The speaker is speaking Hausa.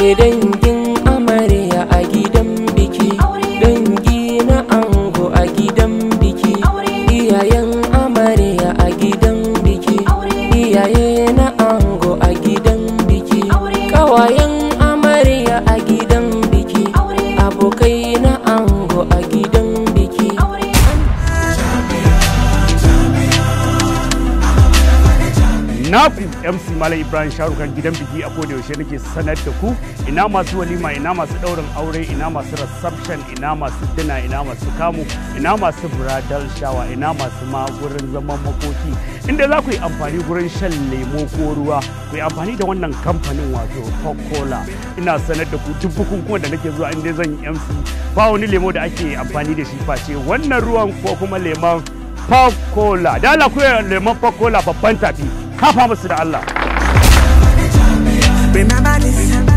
dangin na mc malam ibrahim sharukan gidan biki a koda yaushe nake sanar da ku ina masu walima ina masu daurin aure ina masu reception ina masu dina ina masu kamu ina masu bradal shawa ina masu ma gurin zaman makoki inda za ku yi amfani gurin shan lemo ko ruwa ku yi amfani da wannan kamfanin wato coca ina sanar da ku duk bukukuwan da nake zuwa inda zan yi mc ba wani lemo da ake amfani da shi face wannan ruwan ko kuma lemon coca da ala lemon coca babban tafi kafa musu da Allah remember this